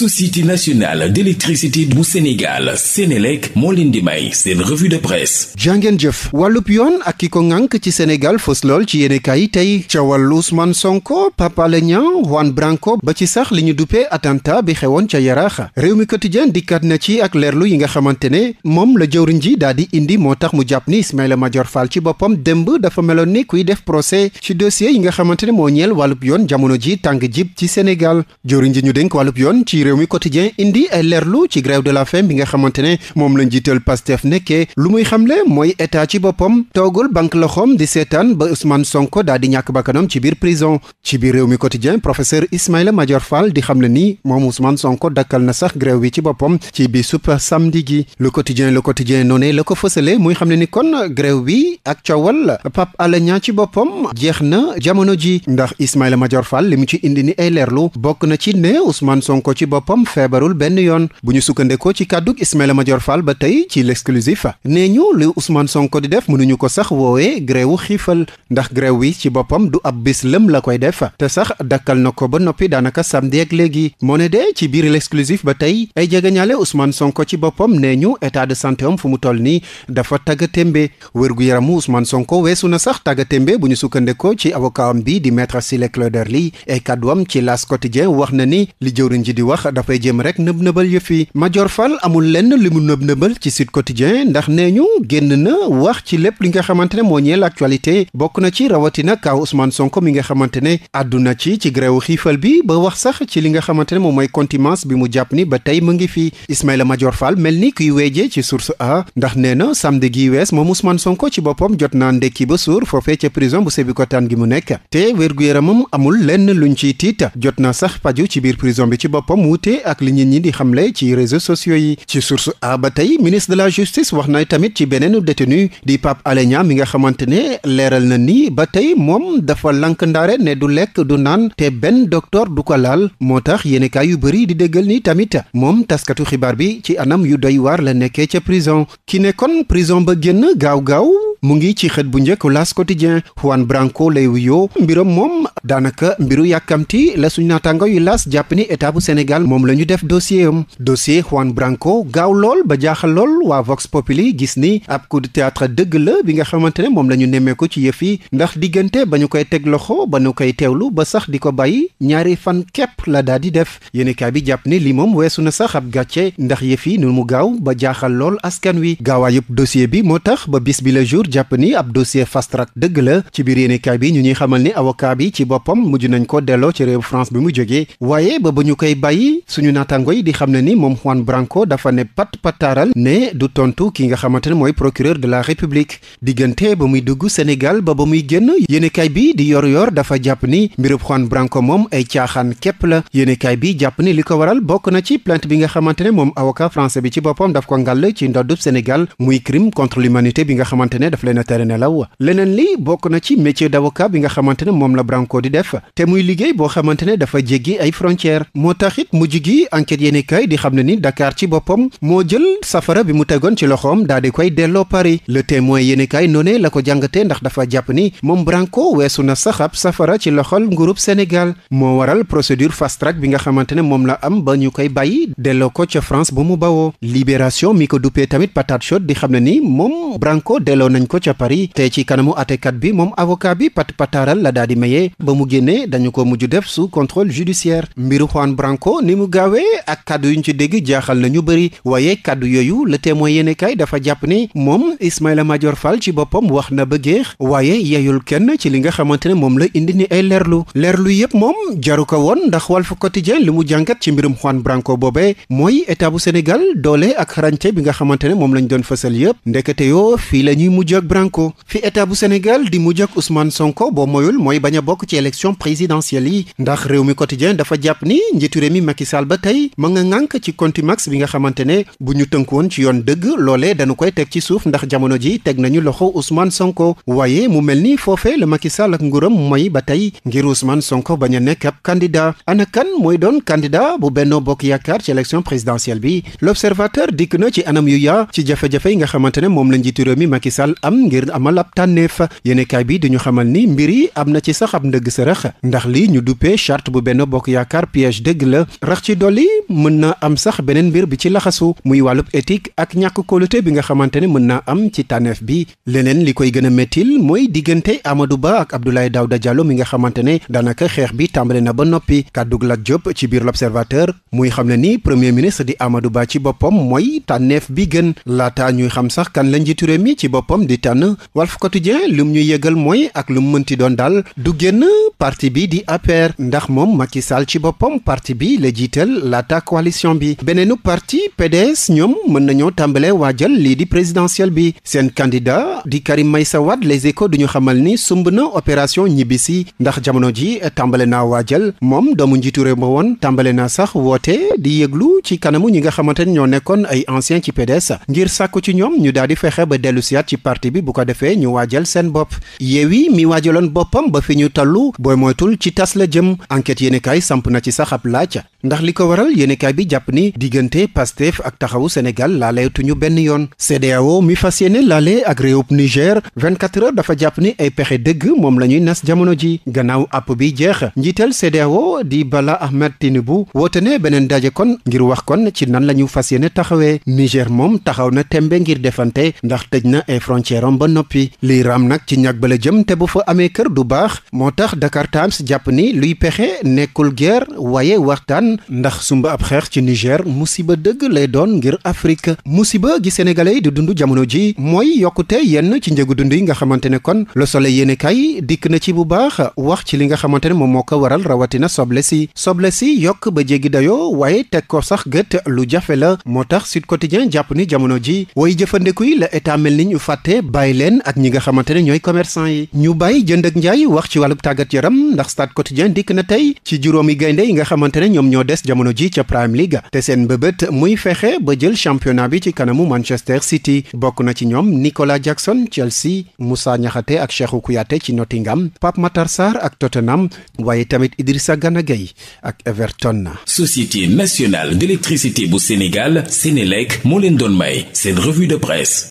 société nationale d'électricité bu Sénégal Sénélec moo leen di may seen revue de presse jàngeen jëf wàllub yoon ak ki ko ŋànk ci Sénégal fës lool ci yéenekaay yi tey ca wàllu Ousmane Sonko Papa Alé Niang Juan Branco ba ci sax li ñu duppee attentat bi xewoon ca Yaraaxa réew mi quotidien dikkat na ci ak leerlu yi nga xamante ne moom la jëwriñ ji daal di indi moo tax mu jàpp ni Ismaïla Madior Fall ci boppam démb dafa meloon ni kuy def procès ci dossier yi nga xamante ne moo ñeel wàllub yoon jamono ji tàng jib ci Sénégal jëwriñ ji ñu dénk wàllub yoon ci réew mi quotidien indi leerlu ci grève de la faim bi nga xamante ne moom lañ jiital Pastef nekkee lu muy xamle mooy état ci boppam toogul banque loxoom di seetaan ba Ousmane Sonko daal di ñàkk bakkanam ci biir prison ci biir réew mi quotidien professeur Ismaïla Madior Fall di xamle ni moom Ousmane Sonko dakkal na sax grève bi ci boppam ci biir sup samedi gi le quotidien le quotidien noonee la ko fësale muy xam ne ni kon grève bi ak coowal Pape Alé Niang ci boppam jeex na jamono ji ndax Ismaïla Madior Fall li mu ci indi ni ay leerlu bokk na ci ne Ousmane Sonko ci boppam feebarul benn yoon bu ñu sukkandekoo ci kàddug Ismaïla Madior Fall ba tey ci fa nee ñu usmaan Ousmane Sonko di def mënuñu ko sax woowee gréewu xiifal ndax gréew wi ci boppam du ab bis lëm la koy def te sax dakkal na ko ba noppi daanaka samedi ak léegi moo ne de ci biir l'exclusif ba tey ay jegeñaale Ousmane Sonko ci boppam nee ñu état de santé am fu mu toll nii dafa taggatémbe wér-gu-yaramu Ousmane Sonko weesu na sax taggatémbe bu ñu sukkandekoo ci avocat am bi di maître Ciré Clédor Ly ci L'As Quotidien wax na ni ndax dafay jëm rek nëb nëbal yëf yi Madior Fall amul lenn li mu nëb nëbal ci Sud Quotidien ndax nee ñu génn na wax ci lépp li nga xamante ne moo ñeel actualité bokk na ci rawatina kaw Ousmane Sonko mi nga xamante ne àdduna ci ci xiifal bi ba wax sax ci li nga xamante ne moom mooy contimence bi mu jàpp ni ba tey mu ngi fi Ismaïla Madior Fall mel ni kuy weejee ci source a ndax nee na samedi gi wees moom Ousmane Sonko ci boppam jot naa ndekki ba suur foofee ca prison bu Sébikotane gi mu nekk te wér-gu-yaramam amul lenn luñ ci tiit jot naa sax paju ci biir prison bi ci boppam wuute ak li nit ñi di xamle ci réseau sociaux yi ci source a ba tey ministre de la justice wax na tamit ci beneen détenu di Pape Alé mi nga xamante ne leeral na ni ba tey moom dafa lank ndaare ne du lekk du naan te benn docteur du ko laal moo tax yéenekaay yu bëri di déggal ni tamit moom taskatu xibaar bi ci anam yu doy waar la nekkee ca prison ki ne kon prison ba génn gaaw gaaw mu ngi ci xët bu njëkk L'As Quotidien Juan Branco lay wuyoo mbiram moom daanaka mbiru yàkkamti la suñ naataango yu las jàpp ni état bu Sénégal moom la ñu def dossier am dossier Juan Branco gaaw lool ba jaaxal lool waa Vox Populi gis ni ab coup de dëgg la bi nga xamante ne moom la nemmee nemmeeku ci yëf yi ndax diggante ba ñu koy teg loxo ba ñu koy teewlu ba sax di ko bàyyi ñaari fan képp la daal di def yéenekaay bi jàpp ni li moom weesu na sax ab gàcce ndax yi nu mu gaaw ba jaaxal askan wi gaawaayub dossier bi moo tax ba bis bi la jour jàpp ni ab dossier fast dëgg la ci biir yéenekaay bi ñu ñuy xamal ni avocat bi ci boppam mujj nañ ko delloo ci réew France bi mu jógee waaye ba ba ñu koy bàyyi suñu naataango yi di xam ne ni moom Juan Branco dafa ne pat pataaral ne du tontu ki nga xamante ne mooy procureur de la République diggante ba muy dugg Sénégal ba ba muy génn yéenekaay bi di yor yor dafa jàpp ni mbirub Juan Branco moom ay caaxaan képp la yéenekaay bi jàpp ni li ko waral bokk na ci plainte bi nga xamante ne moom avocat français bi ci boppam daf ko ngàll ci ndoddub Sénégal muy daf leen a tere nelaw leneen li bokk na ci métier d'avocat bi nga xamante ne moom la Branco di def te muy liggéey boo xamante ne dafa jéggi ay frontière moo tax it mujj gi enquête yéeni kay di xam ne ni Dakar ci boppam moo jël safara bi mu tegoon ci loxoom daal di koy delloo Paris le témoin yéeni kay noonee la ko jàngatee ndax dafa jàpp ni moom Branco weesu na saxab safara ci loxol nguurub Sénégal moo waral procédure fast bi nga xamante ne moom la am ba ñu koy bàyyi delloo ko ca France bu mu bawoo libération mi ko duppee ko ca Paris te ci kanamu atekat bi moom avocat bi pat pataaral la daal maye ba mu génnee dañu ko mujj def sous contrôle judiciaire mbiru Juan Branco ni mu gaawee ak kàddu yu ñu ci dégg jaaxal na ñu bëri waaye kaddu yooyu le témoin yéene kay dafa jàpp ni moom Ismaïla Madior Fall ci boppam wax na ba géex waaye yeyul kenn ci li nga xamante ne moom la indi ni ay leerlu leerlu yëpp moom jaru ko woon ndax Walf Quotidien li mu jàngat ci mbirum Juan Branco boobee mooy état bu Sénégal doole ak xarañte bi nga xamante ne moom lañ doon fësal yëpp mujj ak Branco fi état bu Sénégal di mujj ak Ousmane Sonko boo moyul mooy bañ a bokk ci élection présidentielle yi ndax réew mi quotidien dafa jàpp ni njiitu réew mi Macky Sall ba tey ma nga ŋànk ci contumax bi nga xamante ne bu ñu tënk woon ci yoon dëgg loole dañu koy teg ci suuf ndax jamono ji teg nañu loxo Ousmane Sonko waaye mu mel ni foofe la Macky Sall ak nguuram mooy ba tey ngir Ousmane Sonko bañ a nekk ab candidat ana kan mooy doon candidat bu Benno Bokk Yaakaar ci élection bi l'observateur na ci anam yu yaa ci jafe yi nga xamante ne moom la njiitu mi Macky Sall am ngir amal ab tànneef yéenekaay bi di ñu xamal ni mbir yi am na ci sax ab ndëgg sërëx ndax li ñu duppee charte bu benn bokk yaakaar piège dëgg la rax ci dolli mën na am sax beneen mbir bi ci laxasu muy wàllub éthique ak ñàkk kóolute bi nga xamante ne mën naa am ci tànneef bi leneen li koy gën a méttil mooy diggante Amadou Ba ak Abdoulaye Daouda Diallo mi nga xamante ne daanaka xeex bi tàmbale na ba noppi kàddug Lat Diop ci biir l'Observateur muy xam ne ni premier ministre di Amadou Ba ci boppam mooy tànneef bi gën laata ñuy xam sax kan la njiitu mi ci boppam di tànn Walf Quotidien lum ñu yëgal mooy ak lu mu mënti doon daal du génn parti bi di APR ndax moom Macky Sall ci boppam parti bi la jiital laata coalition bi beneenu parti PDS ñoom mën nañoo tàmbale waa waajal lii di présidentielle bi seen candidat di Karim Meïssa Wade les échos duñu xamal ni sumb na opération ñibbisi ndax jamono ji tàmbale naa waajal moom doomu njiitu réew ma woon tàmbale naa sax woote di yëglu ci kanamu ñi nga xamante ñoo nekkoon ay anciens ci PDS ngir parti bi bu ko defee ñu waajal seen bopp Yewwi mi waajaloon boppam ba fi ñu tallu booy moytul ci tas la jëm enquête yéenekaay samp na ci sax laa laaj ndax li ko waral yéenekaay bi jàpp ni diggante Pastef ak taxawu Sénégal laaleetuñu benn yoon CEDEAO mi fas yéene laale ak réewub Niger 24 heures dafa jàpp ni ay pexe dëgg moom la ñuy nas jamono ji gannaaw app bi jeex njiital CEDEAO di Bala Ahmed Tinubu woote ne beneen daje kon ngir wax kon ci nan la ñu fas yéene taxawee Niger moom taxaw na tembe ngir defante ceerom ba noppi liy raam nag ci ñag bala jëm te bu fa amee kër du baax moo tax Dakar Times jàpp ni luy pexe nekkul guerre waaye waxtaan ndax sumba ab xeex ci Niger musiba dëgg lay doon ngir Afrique musiba gi sénégalais di dund jamono ji mooy yokkute yenn ci njëgu dund yi nga xamante ne kon la Soleil yéene kay dikk na ci bu baax wax ci li nga xamante ne moom moo ko waral rawatina soble si soble si yokk ba jéggi dayoo waaye teg ko sax gët lu jafe la moo tax Sud Quotidien jàpp ni jamono ji bàyyi leen ak ñi nga xamante ne ñooy commerçant yi ñu bàyyi jënd ak njaay wax ci wàllu tàggat yaram ndax stade quotidien dikk na tey ci juróomi gaynde yi nga xamante ne ñoom ñoo des jamono ji ca prime league te seen mbëbët muy fexe ba jël championnat bi ci kanamu manchester city bokk na ci ñoom nicolas jackson chelsea moussa ñaxate ak cheikhou kuyate ci nottingham pape matar sarr ak tottenham waaye tamit idrissa gana gueye ak everton société nationale d'électricité bu sénégal sénélec moo leen doon may seen revue de presse